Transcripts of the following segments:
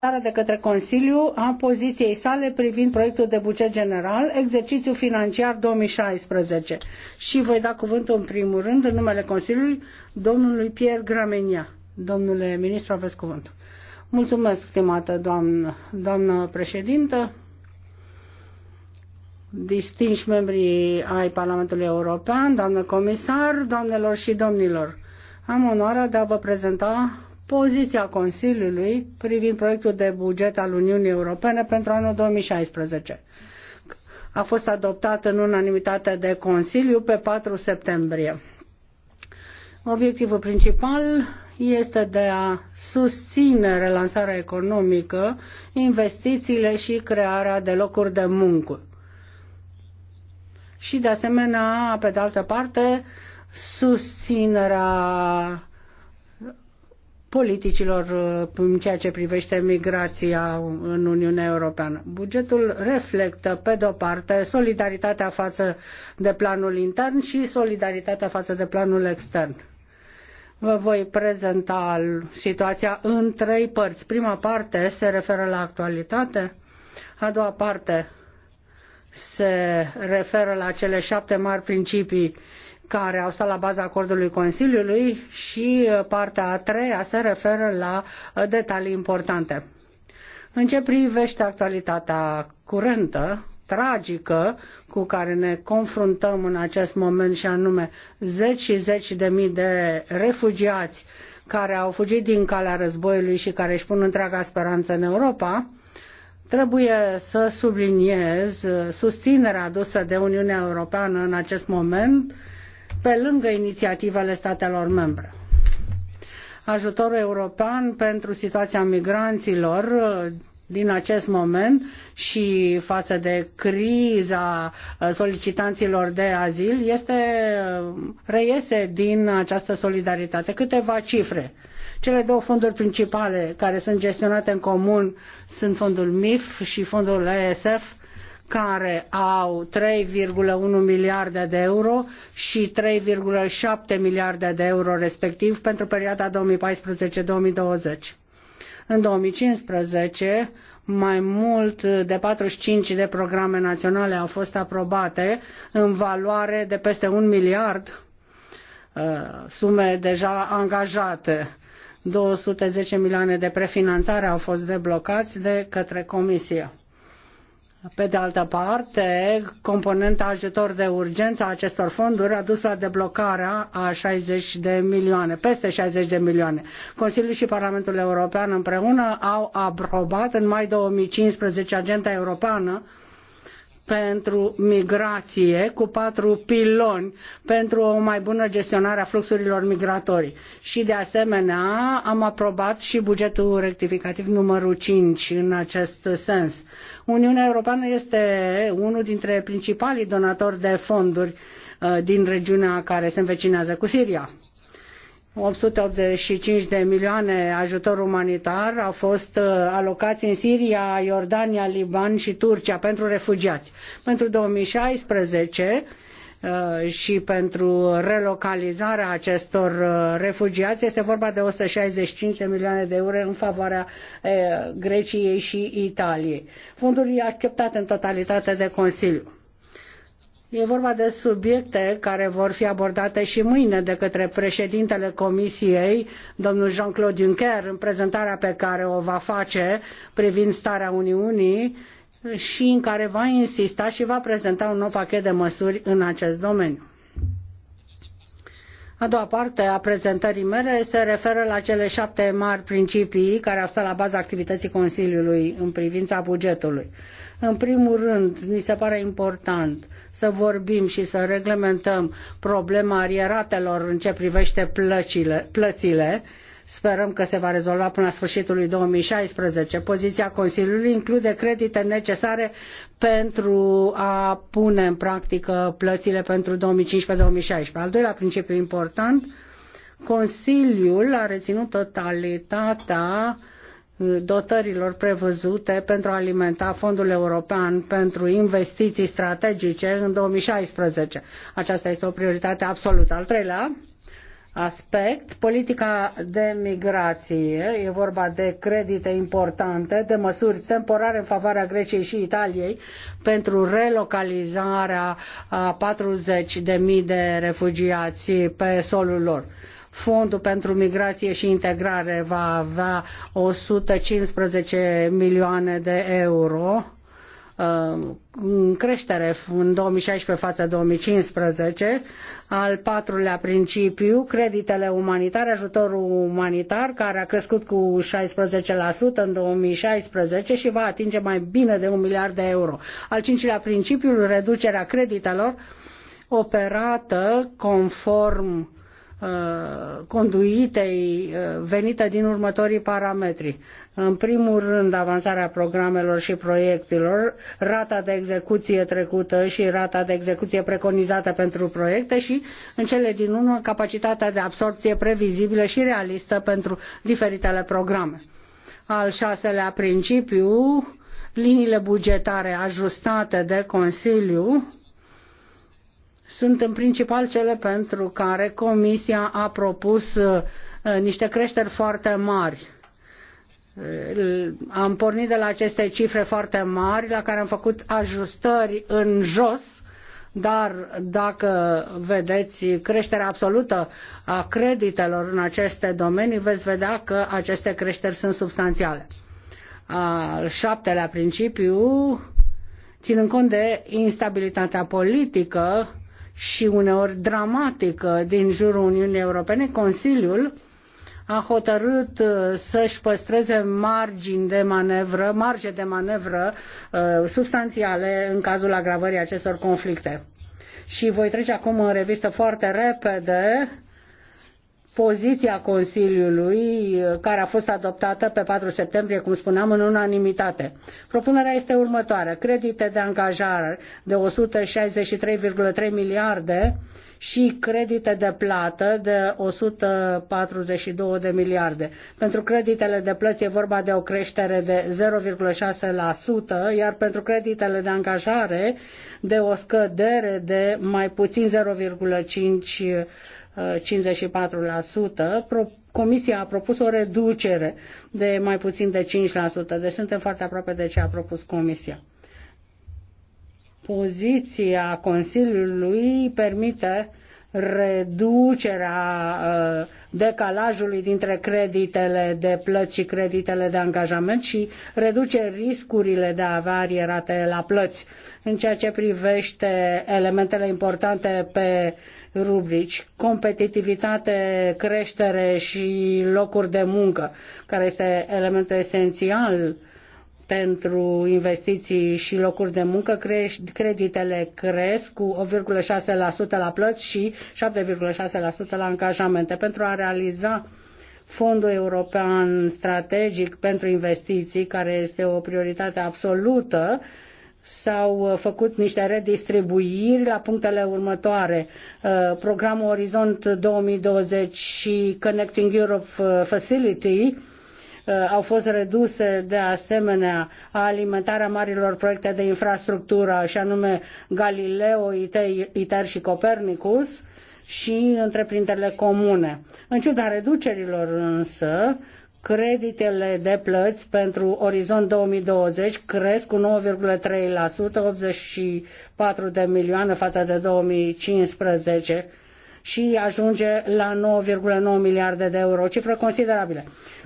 adoptarea de către Consiliu a poziției sale privind proiectul de buget general, exercițiul financiar 2016. Și voi da cuvântul în primul rând, în numele Consiliului, domnului Pierre Gramenia. Domnule ministru, aveți cuvântul. Mulțumesc, stimată doamnă, doamnă președintă, distinși membrii ai Parlamentului European, doamnă comisar, doamnelor și domnilor. Am onoarea de a vă prezenta poziția Consiliului privind proiectul de buget al Uniunii Europene pentru anul 2016. A fost adoptat în unanimitate de Consiliu pe 4 septembrie. Obiectivul principal este de a susține relansarea economică, investițiile și crearea de locuri de muncă. Și de asemenea, pe de altă parte, susținerea politicilor uh, în ceea ce privește migrația în Uniunea Europeană. Bugetul reflectă, pe de-o parte, solidaritatea față de planul intern și solidaritatea față de planul extern. Vă voi prezenta situația în trei părți. Prima parte se referă la actualitate, a doua parte se referă la cele șapte mari principii care au stat la baza acordului Consiliului și uh, partea a treia se referă la uh, detalii importante. În ce privește actualitatea curentă, tragică cu care ne confruntăm în acest moment și anume zeci și zeci de mii de refugiați care au fugit din calea războiului și care își pun întreaga speranță în Europa, trebuie să subliniez uh, susținerea adusă de Uniunea Europeană în acest moment pe lângă inițiativele statelor membre. Ajutorul european pentru situația migranților uh, din acest moment și față de criza uh, solicitanților de azil este, uh, reiese din această solidaritate. Câteva cifre. Cele două fonduri principale care sunt gestionate în comun sunt fondul MIF și fondul ESF care au 3,1 miliarde de euro și 3,7 miliarde de euro respectiv pentru perioada 2014-2020. În 2015, mai mult de 45 de programe naționale au fost aprobate în valoare de peste un miliard uh, sume deja angajate. 210 milioane de prefinanțare au fost deblocați de către Comisie. Pe de altă parte, componenta ajutor de urgență a acestor fonduri a dus la deblocarea a 60 de milioane, peste 60 de milioane. Consiliul și Parlamentul European împreună au aprobat în mai 2015 agenda europeană pentru migrație cu patru piloni pentru o mai bună gestionare a fluxurilor migratorii. Și de asemenea am aprobat și bugetul rectificativ numărul 5 în acest sens. Uniunea Europeană este unul dintre principalii donatori de fonduri uh, din regiunea care se învecinează cu Siria. 885 de milioane ajutor umanitar au fost uh, alocați în Siria, Iordania, Liban și Turcia pentru refugiați. Pentru 2016 uh, și pentru relocalizarea acestor uh, refugiați este vorba de 165 de milioane de euro în favoarea Greciei și Italiei. Fondul e acceptat în totalitate de Consiliu. E vorba de subiecte care vor fi abordate și mâine de către președintele Comisiei, domnul Jean-Claude Juncker, în prezentarea pe care o va face privind starea Uniunii și în care va insista și va prezenta un nou pachet de măsuri în acest domeniu. A doua parte a prezentării mele se referă la cele șapte mari principii care au stat la baza activității Consiliului în privința bugetului. În primul rând, ni se pare important să vorbim și să reglementăm problema arieratelor în ce privește plăcile, plățile. Sperăm că se va rezolva până la sfârșitul lui 2016. Poziția Consiliului include credite necesare pentru a pune în practică plățile pentru 2015-2016. Al doilea principiu important, Consiliul a reținut totalitatea uh, dotărilor prevăzute pentru a alimenta Fondul European pentru Investiții Strategice în 2016. Aceasta este o prioritate absolută. Al treilea aspect, politica de migrație, e vorba de credite importante, de măsuri temporare în favoarea Greciei și Italiei pentru relocalizarea a 40.000 de refugiați pe solul lor Fondul pentru Migrație și Integrare va avea 115 milioane de euro uh, în creștere în 2016 față 2015. Al patrulea principiu, creditele umanitare, ajutorul umanitar, care a crescut cu 16% în 2016 și va atinge mai bine de un miliard de euro. Al cincilea principiu, reducerea creditelor operată conform Uh, conduitei uh, venită din următorii parametri. În primul rând, avansarea programelor și proiectelor, rata de execuție trecută și rata de execuție preconizată pentru proiecte și, în cele din urmă, capacitatea de absorpție previzibilă și realistă pentru diferitele programe. Al șaselea principiu, liniile bugetare ajustate de Consiliu, sunt în principal cele pentru care Comisia a propus uh, uh, niște creșteri foarte mari. Uh, am pornit de la aceste cifre foarte mari, la care am făcut ajustări în jos, dar dacă vedeți creșterea absolută a creditelor în aceste domenii, veți vedea că aceste creșteri sunt substanțiale. Al șaptelea principiu, ținând cont de instabilitatea politică, și uneori dramatică din jurul Uniunii Europene, Consiliul a hotărât uh, să-și păstreze margini de manevră, marge de manevră uh, substanțiale în cazul agravării acestor conflicte. Și voi trece acum în revistă foarte repede poziția Consiliului uh, care a fost adoptată pe 4 septembrie, cum spuneam, în unanimitate. Propunerea este următoare. Credite de angajare de 163,3 miliarde uh, și credite de plată de 142 de miliarde. Pentru creditele de plăți e vorba de o creștere de 0,6%, iar pentru creditele de angajare de o scădere de mai puțin 0,5 54%, Comisia a propus o reducere de mai puțin de 5%, deci suntem foarte aproape de ce a propus Comisia poziția Consiliului permite reducerea uh, decalajului dintre creditele de plăți și creditele de angajament și reduce riscurile de avarie rate la plăți. În ceea ce privește elementele importante pe rubrici, competitivitate, creștere și locuri de muncă, care este elementul esențial pentru investiții și locuri de muncă, creditele cresc cu 8,6% la plăți și 7,6% la angajamente. Pentru a realiza Fondul European Strategic pentru Investiții, care este o prioritate absolută, s-au făcut niște redistribuiri la punctele următoare. Uh, programul Orizont 2020 și Connecting Europe uh, Facility Uh, au fost reduse de asemenea alimentarea marilor proiecte de infrastructură, și anume Galileo, ITER și Copernicus și întreprinderile comune. În ciuda reducerilor însă, creditele de plăți pentru Orizont 2020 cresc cu 9,3%, 84 de milioane față de 2015 și ajunge la 9,9 miliarde de euro, o cifră considerabilă.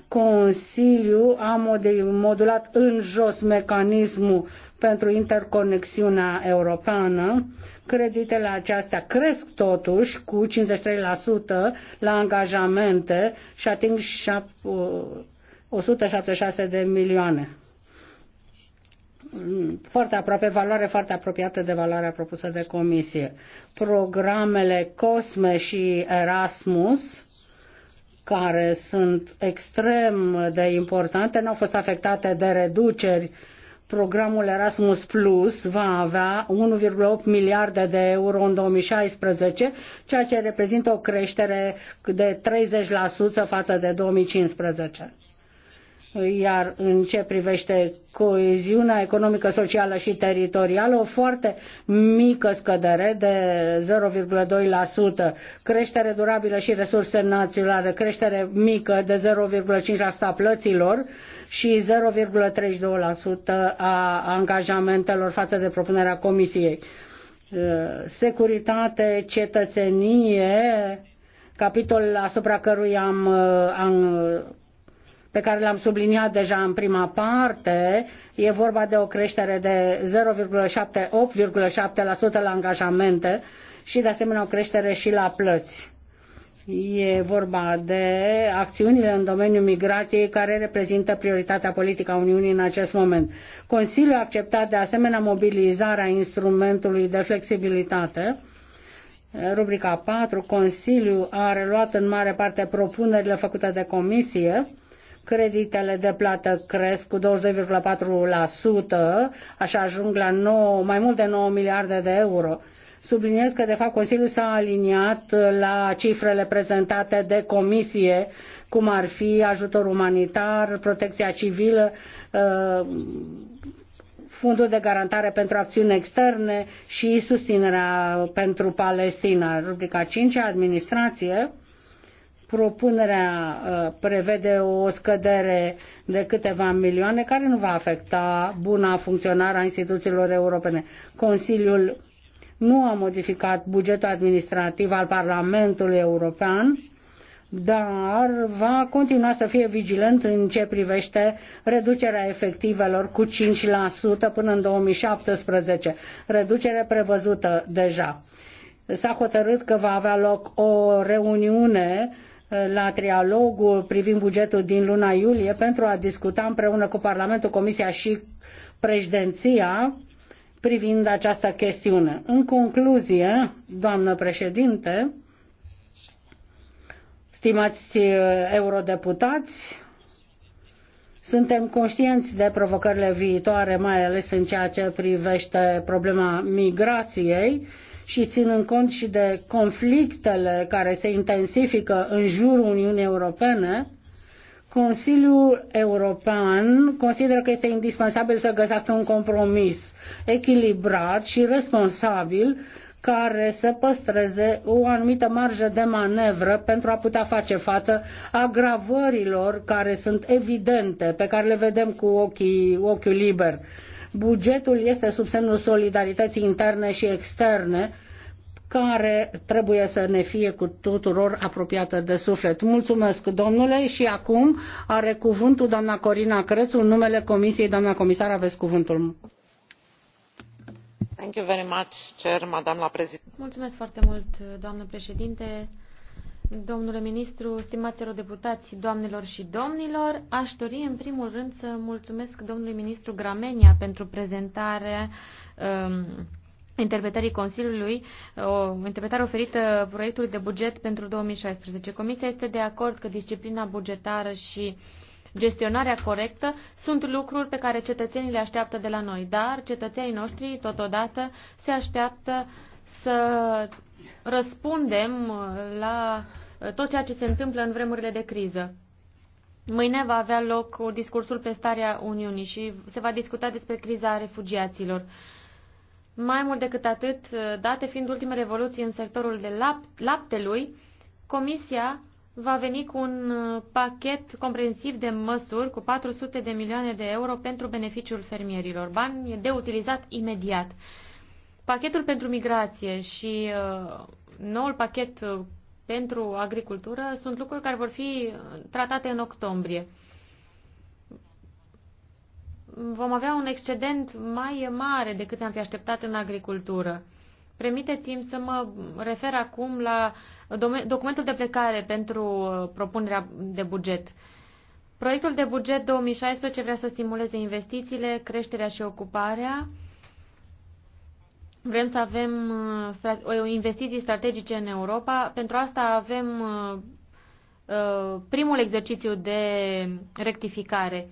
Consiliul a modulat în jos mecanismul pentru interconexiunea europeană. Creditele acestea cresc totuși cu 53% la angajamente și ating 176 de milioane foarte aproape, valoare foarte apropiată de valoarea propusă de comisie. Programele COSME și Erasmus, care sunt extrem de importante, nu au fost afectate de reduceri. Programul Erasmus Plus va avea 1,8 miliarde de euro în 2016, ceea ce reprezintă o creștere de 30% față de 2015 iar în ce privește coeziunea economică, socială și teritorială, o foarte mică scădere de 0,2%, creștere durabilă și resurse naționale, creștere mică de 0,5% a plăților și 0,32% a angajamentelor față de propunerea Comisiei. Uh, securitate, cetățenie, capitol asupra căruia am, uh, am pe care l-am subliniat deja în prima parte. E vorba de o creștere de 0,7, 8,7% la angajamente și de asemenea o creștere și la plăți. E vorba de acțiunile în domeniul migrației care reprezintă prioritatea politică a Uniunii în acest moment. Consiliul a acceptat de asemenea mobilizarea instrumentului de flexibilitate. Rubrica 4, Consiliul a reluat în mare parte propunerile făcute de Comisie Creditele de plată cresc cu 22,4%, așa ajung la 9, mai mult de 9 miliarde de euro. Subliniez că, de fapt, Consiliul s-a aliniat la cifrele prezentate de Comisie, cum ar fi ajutor umanitar, protecția civilă, uh, fondul de garantare pentru acțiuni externe și susținerea pentru Palestina. Rubrica 5, administrație. Propunerea uh, prevede o scădere de câteva milioane care nu va afecta buna funcționare a instituțiilor europene. Consiliul nu a modificat bugetul administrativ al Parlamentului European, dar va continua să fie vigilent în ce privește reducerea efectivelor cu 5% până în 2017, reducere prevăzută deja. S-a hotărât că va avea loc o reuniune uh, la trialogul privind bugetul din luna iulie pentru a discuta împreună cu Parlamentul, Comisia și președinția privind această chestiune. În concluzie, doamnă președinte, stimați eh, eurodeputați, suntem conștienți de provocările viitoare, mai ales în ceea ce privește problema migrației, și ținând cont și de conflictele care se intensifică în jurul Uniunii Europene, Consiliul European consideră că este indispensabil să găsească un compromis echilibrat și responsabil care să păstreze o anumită marjă de manevră pentru a putea face față agravărilor care sunt evidente, pe care le vedem cu ochii, ochiul liber bugetul este sub semnul solidarității interne și externe, care trebuie să ne fie cu tuturor apropiată de suflet. Mulțumesc, domnule, și acum are cuvântul doamna Corina Crețu, în numele Comisiei. Doamna comisar, aveți cuvântul. Thank you very much, chair, madame la Mulțumesc foarte mult, doamnă președinte. Domnule ministru, stimați deputați, doamnelor și domnilor, aș dori în primul rând să mulțumesc domnului ministru Gramenia pentru prezentarea um, interpretării Consiliului, o interpretare oferită proiectului de buget pentru 2016. Comisia este de acord că disciplina bugetară și gestionarea corectă sunt lucruri pe care cetățenii le așteaptă de la noi, dar cetățenii noștri totodată se așteaptă să răspundem la tot ceea ce se întâmplă în vremurile de criză. Mâine va avea loc discursul pe starea Uniunii și se va discuta despre criza refugiaților. Mai mult decât atât, date fiind ultimele evoluții în sectorul de lap- laptelui, Comisia va veni cu un uh, pachet comprensiv de măsuri cu 400 de milioane de euro pentru beneficiul fermierilor. Bani de utilizat imediat. Pachetul pentru migrație și uh, noul pachet uh, pentru agricultură sunt lucruri care vor fi tratate în octombrie. Vom avea un excedent mai mare decât am fi așteptat în agricultură. Permiteți-mi să mă refer acum la documentul de plecare pentru uh, propunerea de buget. Proiectul de buget 2016 vrea să stimuleze investițiile, creșterea și ocuparea Vrem să avem uh, investiții strategice în Europa. Pentru asta avem uh, uh, primul exercițiu de rectificare.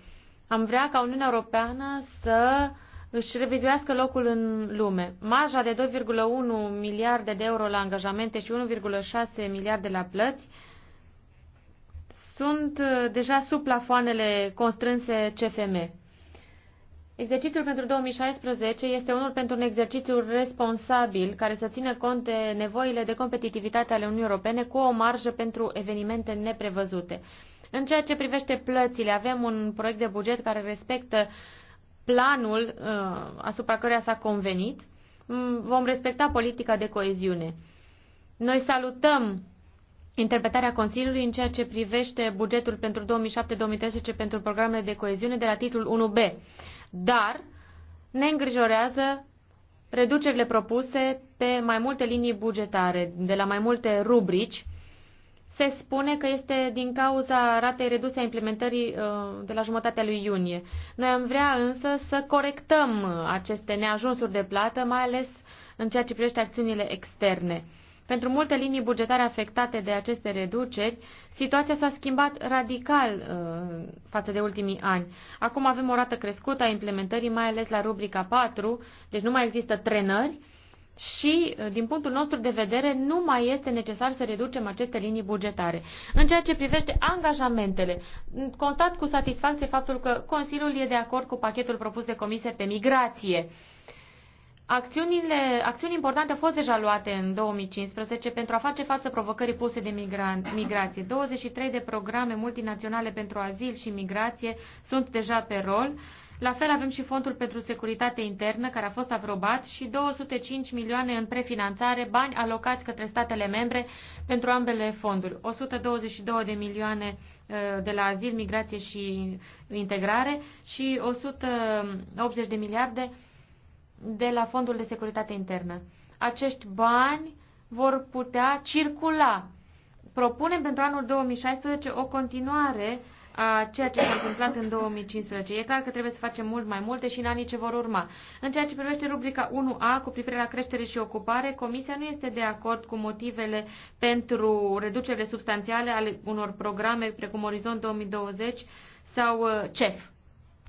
Am vrea ca Uniunea Europeană să își revizuiască locul în lume. Marja de 2,1 miliarde de euro la angajamente și 1,6 miliarde la plăți sunt deja sub plafoanele constrânse CFM. Exercițiul pentru 2016 este unul pentru un exercițiu responsabil care să țină cont de nevoile de competitivitate ale Uniunii Europene cu o marjă pentru evenimente neprevăzute. În ceea ce privește plățile, avem un proiect de buget care respectă planul uh, asupra căruia s-a convenit. Mm, vom respecta politica de coeziune. Noi salutăm interpretarea Consiliului în ceea ce privește bugetul pentru 2007-2013 pentru programele de coeziune de la titlul 1B dar ne îngrijorează reducerile propuse pe mai multe linii bugetare, de la mai multe rubrici. Se spune că este din cauza ratei reduse a implementării uh, de la jumătatea lui iunie. Noi am vrea însă să corectăm aceste neajunsuri de plată, mai ales în ceea ce privește acțiunile externe. Pentru multe linii bugetare afectate de aceste reduceri, situația s-a schimbat radical uh, față de ultimii ani. Acum avem o rată crescută a implementării, mai ales la rubrica 4, deci nu mai există trenări și, uh, din punctul nostru de vedere, nu mai este necesar să reducem aceste linii bugetare. În ceea ce privește angajamentele, constat cu satisfacție faptul că Consiliul e de acord cu pachetul propus de Comisie pe migrație. Uh, Acțiunile, acțiuni importante au fost deja luate în 2015 pentru a face față provocării puse de migrant, migrație. 23 de programe multinaționale pentru azil și migrație sunt deja pe rol. La fel avem și Fondul pentru Securitate Internă, care a fost aprobat, și 205 milioane în prefinanțare, bani alocați către statele membre pentru ambele fonduri. 122 de milioane uh, de la azil, migrație și integrare și 180 de miliarde de la Fondul de Securitate Internă. Acești bani vor putea circula. Propunem pentru anul 2016 o continuare a ceea ce s-a întâmplat în 2015. E clar că trebuie să facem mult mai multe și în anii ce vor urma. În ceea ce privește rubrica 1A cu privire la creștere și ocupare, Comisia nu este de acord cu motivele pentru reducerile substanțiale ale unor programe precum Orizont 2020 sau uh, CEF.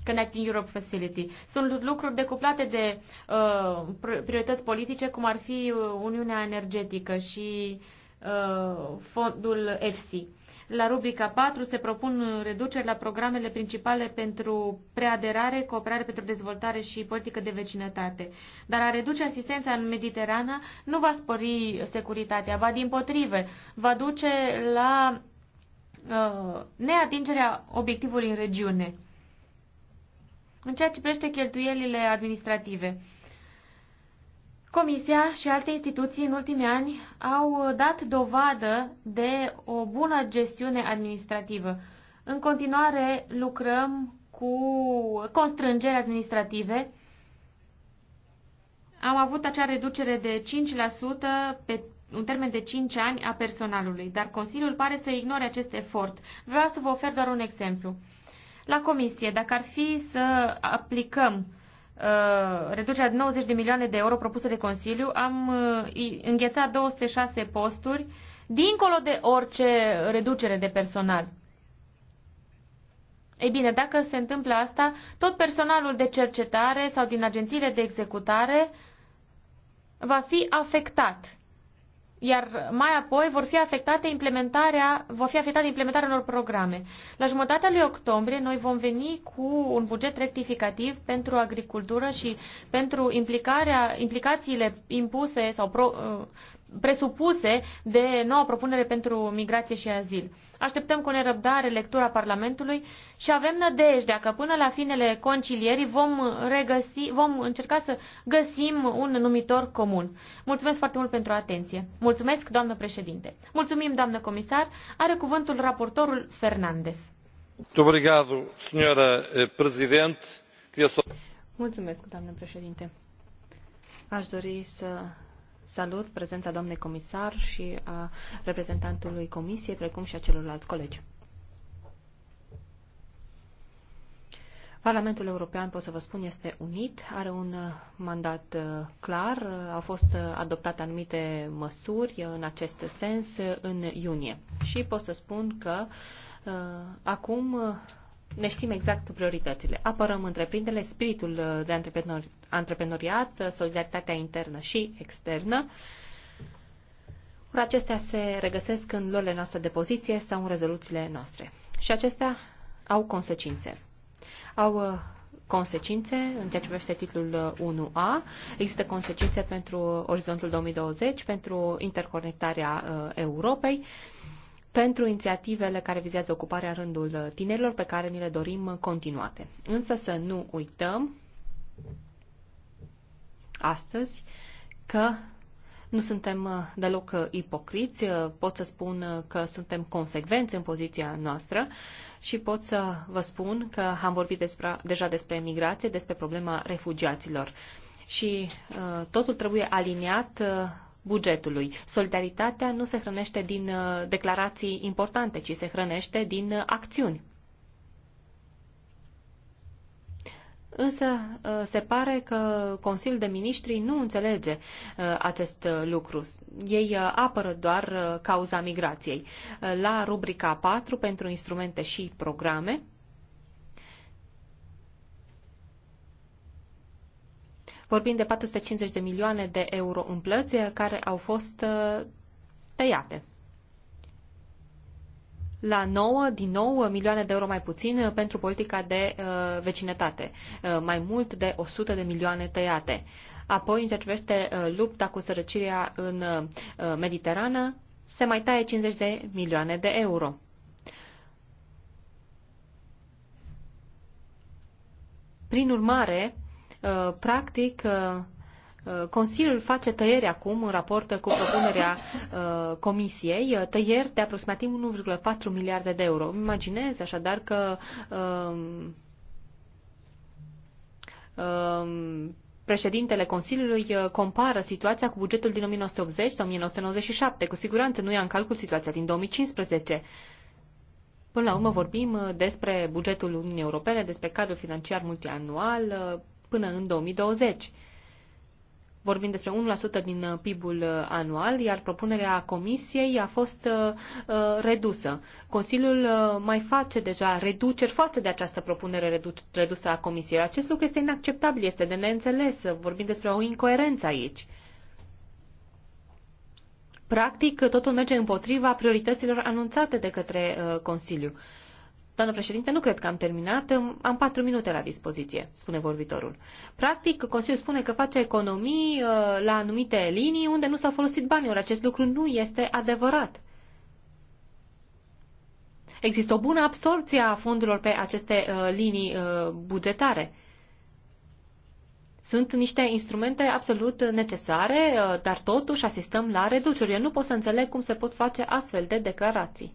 Connecting Europe Facility. Sunt lucruri decuplate de uh, priorități politice, cum ar fi uh, Uniunea Energetică și uh, fondul EFSI. La rubrica 4 se propun uh, reduceri la programele principale pentru preaderare, cooperare pentru dezvoltare și politică de vecinătate. Dar a reduce asistența în Mediterana nu va spori securitatea, va din potrive, va duce la uh, neatingerea obiectivului în regiune. În ceea ce privește cheltuielile administrative, Comisia și alte instituții în ultimii ani au dat dovadă de o bună gestiune administrativă. În continuare lucrăm cu constrângeri administrative. Am avut acea reducere de 5% pe un termen de 5 ani a personalului, dar Consiliul pare să ignore acest efort. Vreau să vă ofer doar un exemplu la comisie, dacă ar fi să aplicăm uh, reducerea de 90 de milioane de euro propusă de Consiliu, am uh, înghețat 206 posturi, dincolo de orice reducere de personal. Ei bine, dacă se întâmplă asta, tot personalul de cercetare sau din agențiile de executare va fi afectat iar mai apoi vor fi afectate implementarea, vor fi afectate implementarea unor programe. La jumătatea lui octombrie noi vom veni cu un buget rectificativ pentru agricultură și pentru implicarea, implicațiile impuse sau pro, uh, presupuse de noua propunere pentru migrație și azil. Așteptăm cu nerăbdare lectura Parlamentului și avem nădejde că până la finele concilierii vom, regăsi, vom încerca să găsim un numitor comun. Mulțumesc foarte mult pentru atenție. Mulțumesc, doamnă președinte. Mulțumim, doamnă comisar. Are cuvântul raportorul Fernandez. Eh, Mulțumesc, doamnă președinte. Aș dori să Salut prezența doamnei comisar și a reprezentantului comisiei, precum și a celorlalți colegi. Parlamentul European, pot să vă spun, este unit, are un mandat uh, clar, au fost uh, adoptate anumite măsuri în acest sens în iunie. Și pot să spun că uh, acum ne știm exact prioritățile. Apărăm întreprinderile, spiritul de antreprenoriat, solidaritatea internă și externă. Ori acestea se regăsesc în luările noastre de poziție sau în rezoluțiile noastre. Și acestea au consecințe. Au uh, consecințe în ceea ce privește titlul 1A. Uh, Există consecințe pentru Orizontul 2020, pentru interconectarea uh, Europei, pentru inițiativele care vizează ocuparea în rândul tinerilor pe care ni le dorim continuate. Însă să nu uităm astăzi că nu suntem uh, deloc uh, ipocriți, uh, pot să spun că suntem consecvenți în poziția noastră și pot să vă spun că am vorbit despre, deja despre migrație, despre problema refugiaților. Și totul trebuie aliniat bugetului. Solidaritatea nu se hrănește din declarații importante, ci se hrănește din acțiuni. Însă uh, se pare că Consiliul de Ministri nu înțelege uh, acest uh, lucru. Ei apără doar cauza migrației. La rubrica 4 pentru instrumente și programe, vorbim de 450 de milioane de euro în plăți care au fost tăiate la 9, din nou, milioane de euro mai puțin pentru politica de uh, vecinătate, uh, mai mult de 100 de milioane tăiate. Apoi, în ceea ce privește uh, lupta cu sărăcirea în uh, Mediterană, se mai taie 50 de milioane de euro. Prin urmare, uh, practic, uh, Uh, Consiliul face tăieri acum în raport cu propunerea uh, Comisiei, uh, tăieri de aproximativ 1,4 miliarde de euro. Imaginez așadar că um, um, Președintele Consiliului compară situația cu bugetul din 1980 sau 1997. Cu siguranță nu ia în calcul situația din 2015. Până la urmă vorbim despre bugetul Uniunii Europene, despre cadrul financiar multianual până în 2020 vorbim despre 1% din uh, PIB-ul uh, anual, iar propunerea Comisiei a fost uh, redusă. Consiliul mai face deja reduceri față de această propunere redusă a Comisiei. Acest lucru este inacceptabil, este de neînțeles. Vorbim despre o incoerență aici. Practic, totul merge împotriva priorităților anunțate de către Consiliu. Doamnă președinte, nu cred că am terminat. Am patru minute la dispoziție, spune vorbitorul. Practic, Consiliul spune că face economii uh, la anumite linii unde nu s-au folosit banii, ori acest lucru nu este adevărat. Există o bună absorție a fondurilor pe aceste uh, linii uh, bugetare. Sunt niște instrumente absolut necesare, dar totuși asistăm la reduceri. Eu nu pot să înțeleg cum se pot face astfel de declarații.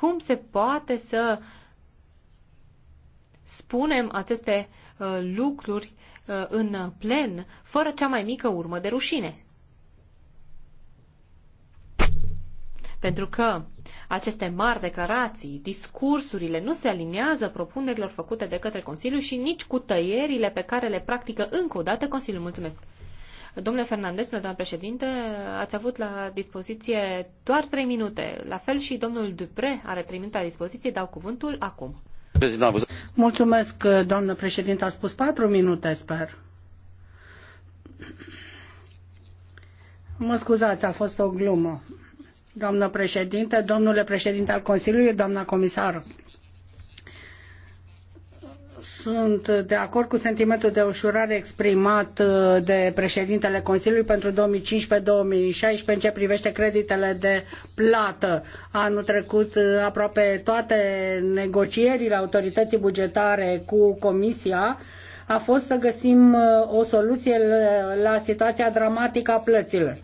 Cum se poate să spunem aceste uh, lucruri uh, în plen, fără cea mai mică urmă de rușine? Pentru că aceste mari declarații, discursurile nu se aliniază propunerilor făcute de către Consiliu și nici cu tăierile pe care le practică încă o dată Consiliul. Mulțumesc! Domnule Fernandez, doamnă președinte, ați avut la dispoziție doar trei minute. La fel și domnul Dupre are trei minute la dispoziție. Dau cuvântul acum. Mulțumesc, doamnă președinte. A spus patru minute, sper. Mă scuzați, a fost o glumă. Doamnă președinte, domnule președinte al Consiliului, doamna comisar, sunt de acord cu sentimentul de ușurare exprimat uh, de președintele Consiliului pentru 2015-2016 în ce privește creditele de plată. Anul trecut uh, aproape toate negocierile autorității bugetare cu Comisia a fost să găsim uh, o soluție la situația dramatică a plăților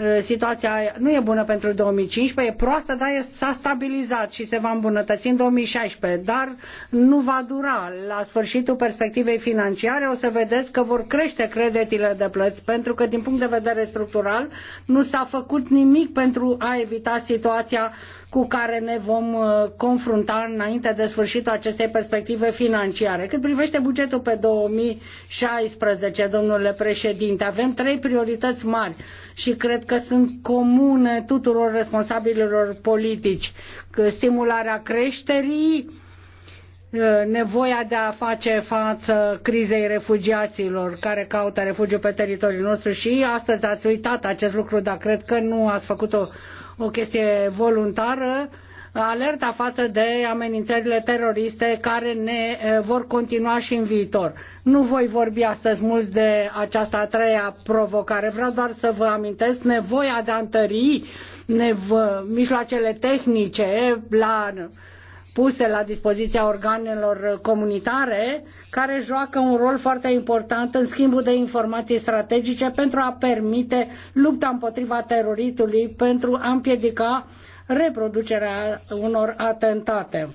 Uh, situația nu e bună pentru 2015, e proastă, dar s-a stabilizat și se va îmbunătăți în 2016, dar nu va dura. La sfârșitul perspectivei financiare o să vedeți că vor crește creditele de plăți, pentru că din punct de vedere structural nu s-a făcut nimic pentru a evita situația uh, cu care ne vom uh, confrunta înainte de sfârșitul acestei perspective financiare. Cât privește bugetul pe 2016, domnule președinte, avem trei priorități mari și cred că sunt comune tuturor responsabililor politici. Stimularea creșterii, uh, nevoia de a face față crizei refugiaților care caută refugiu pe teritoriul nostru și astăzi ați uitat acest lucru, dar cred că nu ați făcut o o chestie voluntară, alerta față de amenințările teroriste care ne eh, vor continua și în viitor. Nu voi vorbi astăzi mult de această a treia provocare, vreau doar să vă amintesc nevoia de a întări nevo- mijloacele tehnice la puse la dispoziția organelor comunitare, care joacă un rol foarte important în schimbul de informații strategice pentru a permite lupta împotriva teroritului, pentru a împiedica reproducerea unor atentate.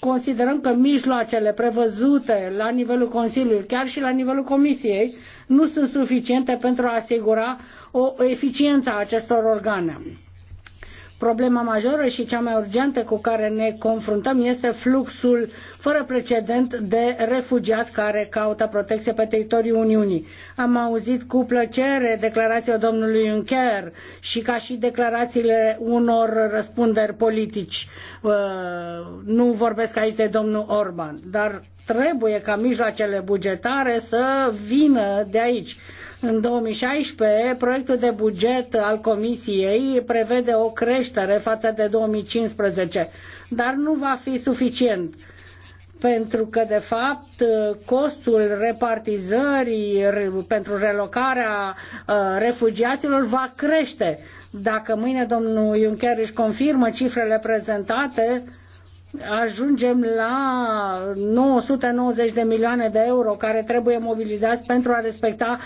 Considerăm că mijloacele prevăzute la nivelul Consiliului, chiar și la nivelul Comisiei, nu sunt suficiente pentru a asigura o eficiență a acestor organe Problema majoră și cea mai urgentă cu care ne confruntăm este fluxul fără precedent de refugiați care caută protecție pe teritoriul Uniunii. Am auzit cu plăcere declarația domnului Juncker și ca și declarațiile unor răspunderi politici. Nu vorbesc aici de domnul Orban, dar trebuie ca mijloacele bugetare să vină de aici în 2016, proiectul de buget al Comisiei prevede o creștere față de 2015, dar nu va fi suficient pentru că, de fapt, costul repartizării pentru relocarea uh, refugiaților va crește. Dacă mâine domnul Juncker își confirmă cifrele prezentate, ajungem la 990 de milioane de euro care trebuie mobilizați pentru a respecta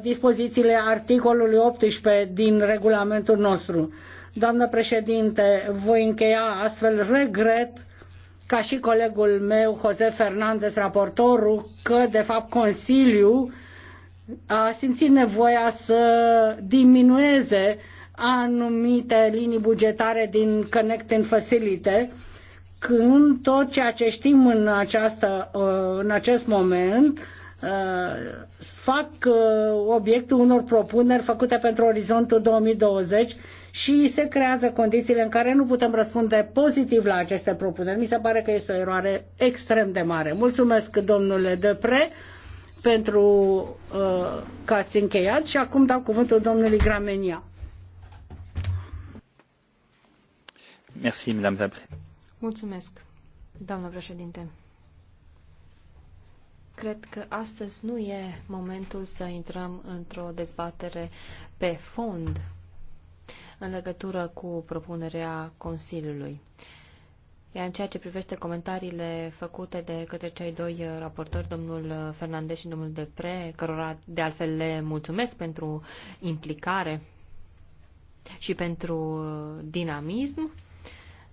dispozițiile articolului 18 din regulamentul nostru. Doamnă președinte, voi încheia astfel regret ca și colegul meu, Jose Fernandez, raportorul, că, de fapt, Consiliu a simțit nevoia să diminueze anumite linii bugetare din Connecting Facility, când tot ceea ce știm în, această, uh, în acest moment uh, fac uh, obiectul unor propuneri făcute pentru orizontul 2020 și se creează condițiile în care nu putem răspunde pozitiv la aceste propuneri. Mi se pare că este o eroare extrem de mare. Mulțumesc, domnule Depre, pentru uh, că ați încheiat și acum dau cuvântul domnului Gramenia. Merci, madame Mulțumesc, doamnă președinte. Cred că astăzi nu e momentul să intrăm într-o dezbatere pe fond în legătură cu propunerea Consiliului. Iar în ceea ce privește comentariile făcute de către cei doi raportori, domnul Fernandez și domnul Depre, cărora de altfel le mulțumesc pentru implicare și pentru dinamism,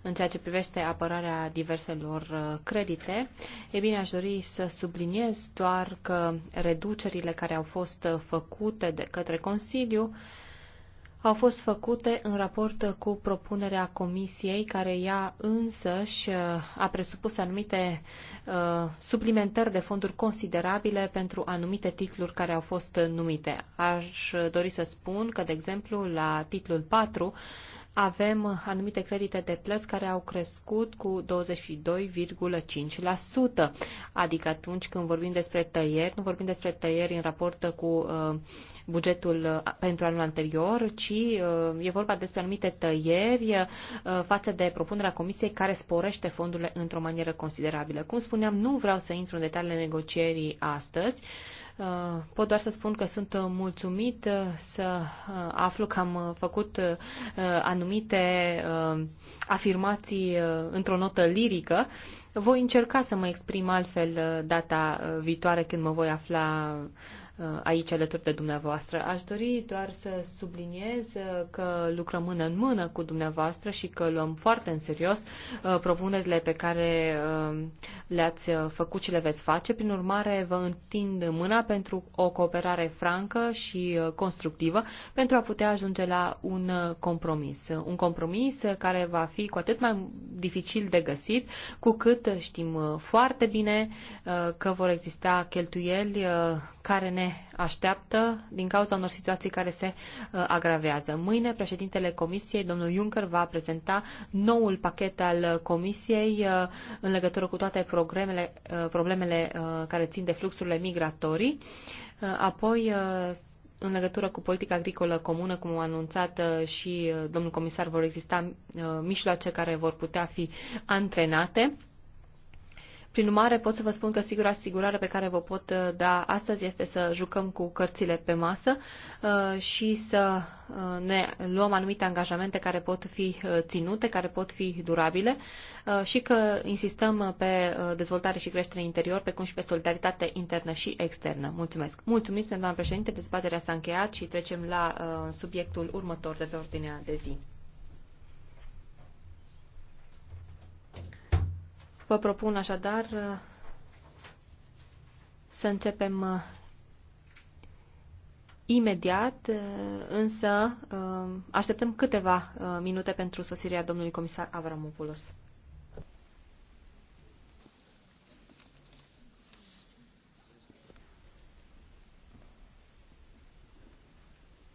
în ceea ce privește apărarea diverselor uh, credite, e bine, aș dori să subliniez doar că reducerile care au fost uh, făcute de către Consiliu au fost făcute în raport uh, cu propunerea Comisiei, care ea însăși a presupus anumite uh, suplimentări de fonduri considerabile pentru anumite titluri care au fost numite. Aș dori să spun că, de exemplu, la titlul 4, avem anumite credite de plăți care au crescut cu 22,5%. Adică atunci când vorbim despre tăieri, nu vorbim despre tăieri în raport cu uh, bugetul uh, pentru anul anterior, ci uh, e vorba despre anumite tăieri față de propunerea Comisiei care sporește fondurile într-o manieră considerabilă. Cum spuneam, nu vreau să intru în detaliile negocierii astăzi, Uh, pot doar să spun că sunt mulțumit uh, să uh, aflu că am făcut anumite afirmații într-o notă lirică. Voi încerca să mă exprim altfel data viitoare când mă voi afla uh, Uh, aici alături de dumneavoastră. Aș dori doar să subliniez uh, că lucrăm mână în mână cu dumneavoastră și că luăm foarte în serios uh, propunerile pe care le-ați făcut și le veți face. Prin urmare, vă întind mâna pentru o cooperare francă și constructivă pentru a putea ajunge la un compromis. Un compromis care va fi cu atât mai dificil de găsit, cu cât știm foarte bine că vor exista cheltuieli care ne așteaptă din cauza unor situații care se uh, agravează. Mâine, președintele Comisiei, domnul Juncker, va prezenta noul pachet al Comisiei uh, în legătură cu toate uh, problemele, problemele care țin de fluxurile migratorii. Apoi, în legătură cu politica agricolă comună, cum a anunțat și domnul comisar, vor exista mijloace care vor putea fi antrenate prin urmare, pot să vă spun că sigura asigurare pe care vă pot uh, da astăzi este să jucăm cu cărțile pe masă uh, și să uh, ne luăm anumite angajamente care pot fi ținute, care pot fi durabile și că insistăm pe dezvoltare și creștere interior, pe cum și pe solidaritate internă și externă. Mulțumesc! Mulțumesc, doamna președinte, dezbaterea s-a încheiat și trecem la subiectul următor de pe ordinea de zi. Vă propun așadar uh, să începem uh, imediat, uh, însă așteptăm câteva minute pentru sosirea domnului comisar Avramopoulos.